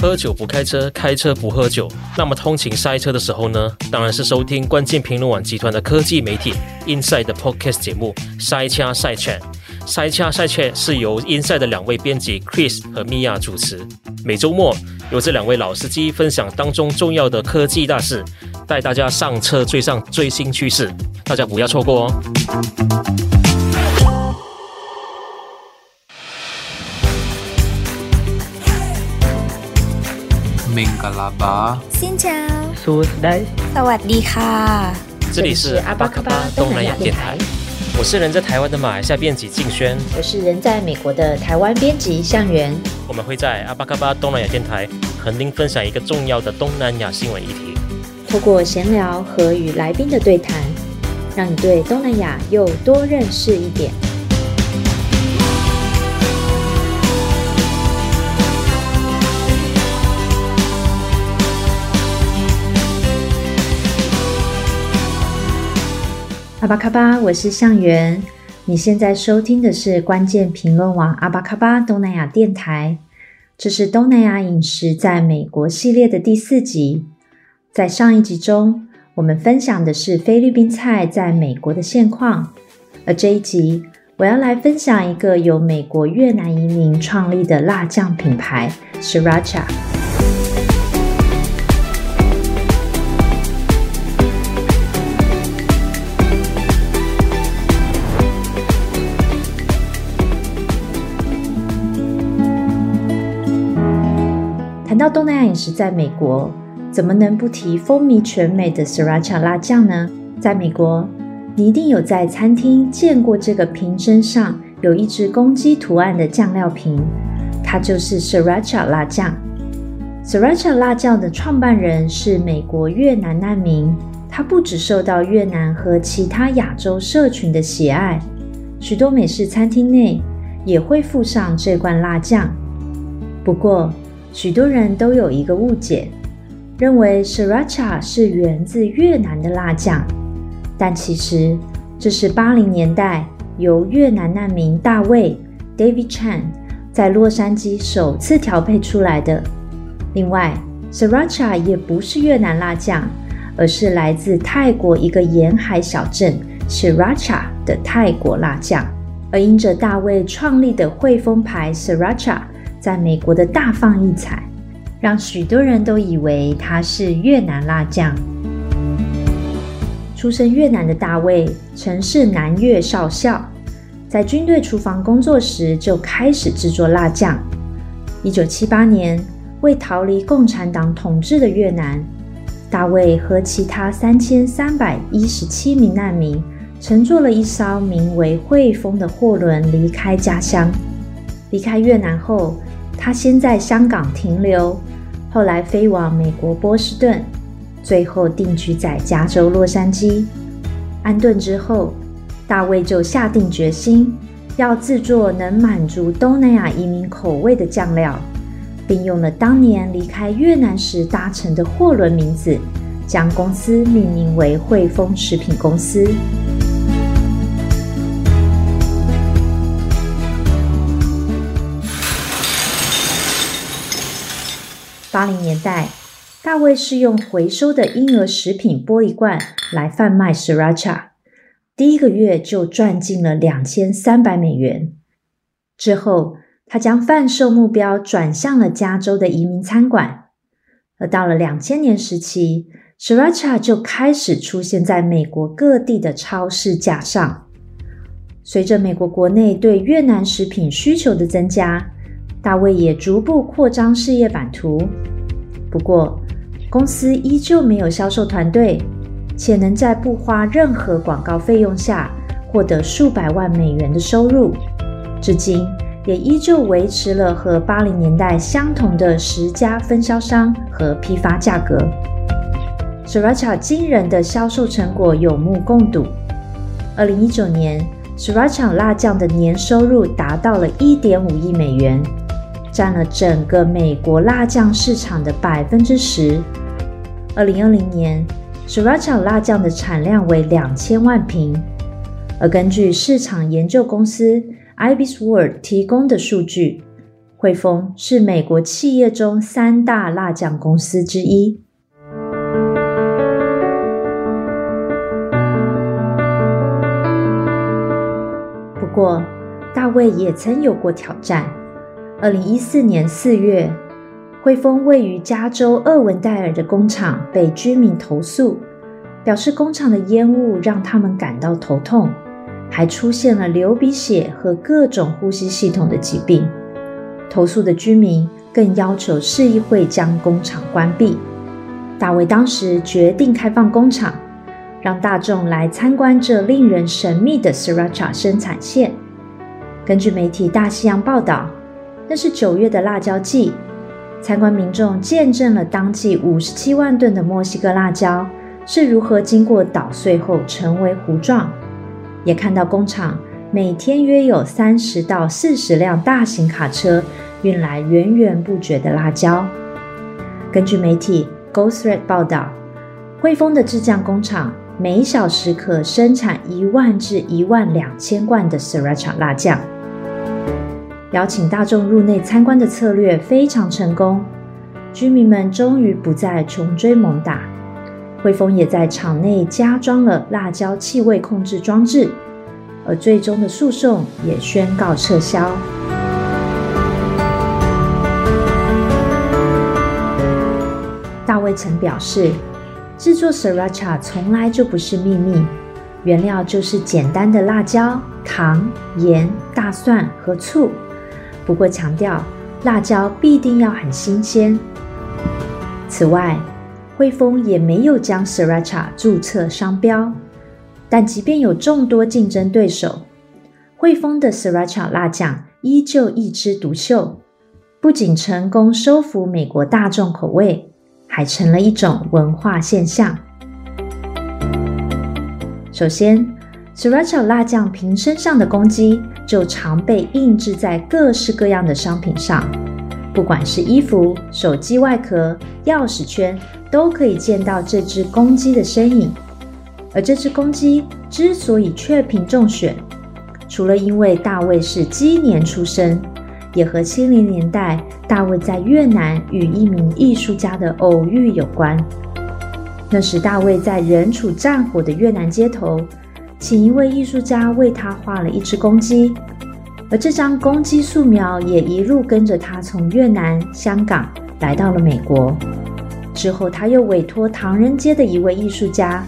喝酒不開車，開車不喝酒。那麼通勤塞車的時候呢？當然是收聽關鍵評論網集團的科技媒體 Inside 的 Podcast 節目塞掐 Side Chat。塞掐 Side Chat 是由 Inside 的兩位編輯 Chris 和 Mia 主持，每周末由這兩位老司機分享當中重要的科技大事，帶大家上車追上最新趨勢，大家不要錯過哦。辛 chào，蘇達，สวัสดีค่ะ。這裡是阿巴卡巴東南亞電台，電台我是人在台灣的馬來西亞編輯靜軒，我是人在美國的台灣編輯向源。我們會在阿巴卡巴東南亞電台和您分享一個重要的東南亞新聞議題，透過閒聊和與來賓的對談，讓你對東南亞又多認識一點。阿巴卡巴，我是向元。你現在收聽的是關鍵評論網阿巴卡巴東南亞電台。這是東南亞飲食在美國系列的第四集。在上一集中，我們分享的是菲律賓菜在美國的現況，而這一集我要來分享一個由美國越南移民創立的辣醬品牌 ——Sriracha。東南亞飲食在美國，怎麼能不提風靡全美的 Sriracha 辣醬呢？在美國，你一定有在餐廳見過這個瓶身上有一隻公雞圖案的醬料瓶，它就是 Sriracha 辣醬。Sriracha 辣醬的創辦人是美國越南難民，他不只受到越南和其他亞洲社群的喜愛，許多美式餐廳內也會附上這罐辣醬。不過，許多人都有一個誤解，認為 Sriracha 是源自越南的辣醬，但其實，這是八零年代由越南難民大衛 David Tran 在洛杉磯首次調配出來的。另外，Sriracha 也不是越南辣醬，而是來自泰國一個沿海小鎮 Sriracha 的泰國辣醬，而因着大衛創立的匯豐牌 Sriracha。在美國的大放異彩，讓許多人都以為他是越南辣醬。出生越南的大衛曾是南越少校，在軍隊廚房工作時就開始制作辣醬。1978年，為逃離共產黨統治的越南，大衛和其他3317名難民乘坐了一艘名為“匯豐”的貨輪離開家鄉。離開越南後，他先在香港停留，後來飛往美國波士頓，最後定居在加州洛杉磯。安頓之後，大衛就下定決心，要製作能滿足東南亞移民口味的醬料，並用了當年離開越南時搭乘的貨輪名字，將公司命名為匯豐食品公司。八零年代，大衛是用回收的嬰兒食品玻璃罐來販賣 Sriracha，第一個月就賺進了兩千三百美元。之後，他將販售目標轉向了加州的移民餐館，而到了兩千年時期，Sriracha 就開始出現在美國各地的超市架上。隨着美國國內對越南食品需求的增加。大衛也逐步擴張事業版圖，不過公司依舊沒有銷售團隊，且能在不花任何廣告費用下獲得數百萬美元的收入。至今也依舊維持了和八零年代相同的十家分銷商和批發價格。Sriracha 驚人的銷售成果有目共睹。二零一九年，Sriracha 辣醬的年收入達到了一點五億美元。佔了整個美國辣醬市場的百分之十。二零二零年，Sriracha 辣醬的產量為兩千萬瓶。而根據市場研究公司 IbisWorld 提供的數據，匯豐是美國企業中三大辣醬公司之一。不過，大衛也曾有過挑戰。二零一四年四月，匯豐位於加州厄文戴爾的工廠被居民投訴，表示工廠的煙霧讓他們感到頭痛，還出現了流鼻血和各種呼吸系統的疾病。投訴的居民更要求市議會將工廠關閉。大衛當時決定開放工廠，讓大眾來參觀這令人神秘的 Sriracha 生產線。根據媒體《大西洋》報道。那是九月的辣椒季，參觀民眾見證了當季五十七萬噸的墨西哥辣椒是如何經過搗碎後成為糊狀，也看到工廠每天約有三十到四十輛大型卡車運來源源不絕的辣椒。根據媒體《GoThread》報道，匯豐的制醬工廠每小時可生產一萬至一萬兩千罐的 Sriracha 辣醬。邀請大眾入內參觀的策略非常成功，居民們終於不再窮追猛打。匯豐也在場內加裝了辣椒氣味控制裝置，而最終的訴訟也宣告撤銷。大衛曾表示，制作 Sriracha 從來就不是秘密，原料就是簡單的辣椒、糖、鹽、大蒜和醋。不過，強調辣椒必定要很新鮮。此外，匯豐也沒有將 Sriracha 註冊商標。但即便有眾多競爭對手，匯豐的 Sriracha 辣醬依舊一枝獨秀，不僅成功收服美國大眾口味，還成了一種文化現象。首先，Sriracha 辣醬瓶身上的公雞。就常被印製在各式各樣的商品上，不管是衣服、手機外殼、鑰匙圈，都可以見到這隻公雞的身影。而這隻公雞之所以雀屏中選，除了因為大衛是雞年出生，也和七零年代大衛在越南與一名藝術家的偶遇有關。那時大衛在仍處戰火的越南街頭，請一位藝術家為他畫了一隻公雞，而這張公雞素描也一路跟着他從越南、香港來到了美國。之後，他又委託唐人街的一位藝術家，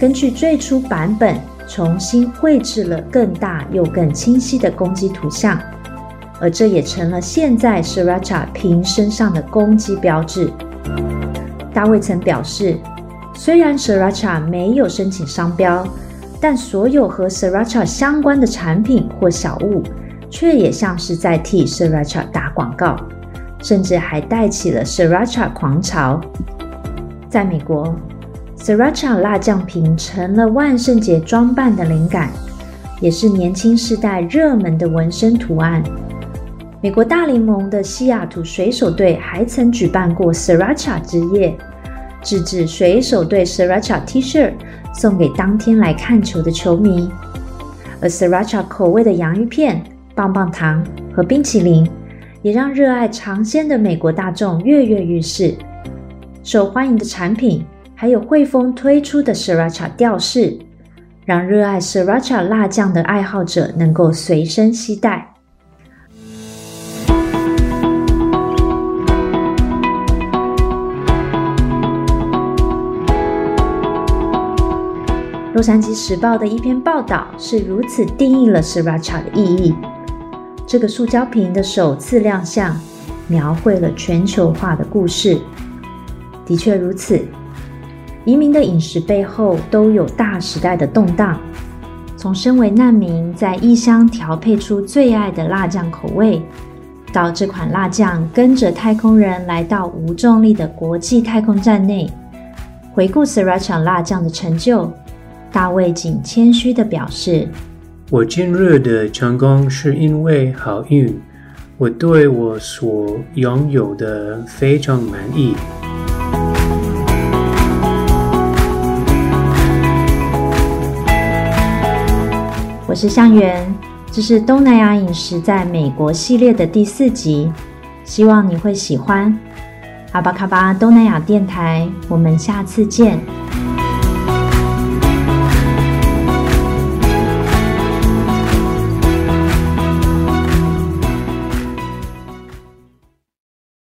根據最初版本重新繪製了更大又更清晰的公雞圖像，而這也成了現在 Sriracha 瓶身上的公雞標誌。大衛曾表示，雖然 Sriracha 沒有申請商標。但所有和 Sriracha 相關的產品或小物，卻也像是在替 Sriracha 打廣告，甚至還帶起了 Sriracha 狂潮。在美國，Sriracha 辣醬瓶成了萬聖節裝扮的靈感，也是年輕世代熱門的紋身圖案。美國大聯盟的西雅圖水手隊還曾舉辦過 Sriracha 之夜，自製水手隊 Sriracha T-shirt，送給當天來看球的球迷，而 Sriracha 口味的洋芋片、棒棒糖和冰淇淋，也讓熱愛嚐鮮的美國大眾躍躍欲試。受歡迎的產品還有匯豐推出的 Sriracha 吊飾，讓熱愛 Sriracha 辣醬的愛好者能夠隨身攜帶。洛杉磯時報的一篇報道是如此定義了 Sriracha 的意義：這個塑膠瓶的首次亮相，描繪了全球化的故事。的確如此，移民的飲食背後都有大時代的動盪。從身為難民在異鄉調配出最愛的辣醬口味，到這款辣醬跟着太空人來到無重力的國際太空站內，回顧 Sriracha 辣醬的成就。大衛僅謙虛地表示：“我今日的成功是因為好運，我對我所擁有的非常滿意。”我是香元，這是東南亞飲食在美國系列的第四集，希望你會喜歡。阿巴卡巴東南亞電台，我們下次見。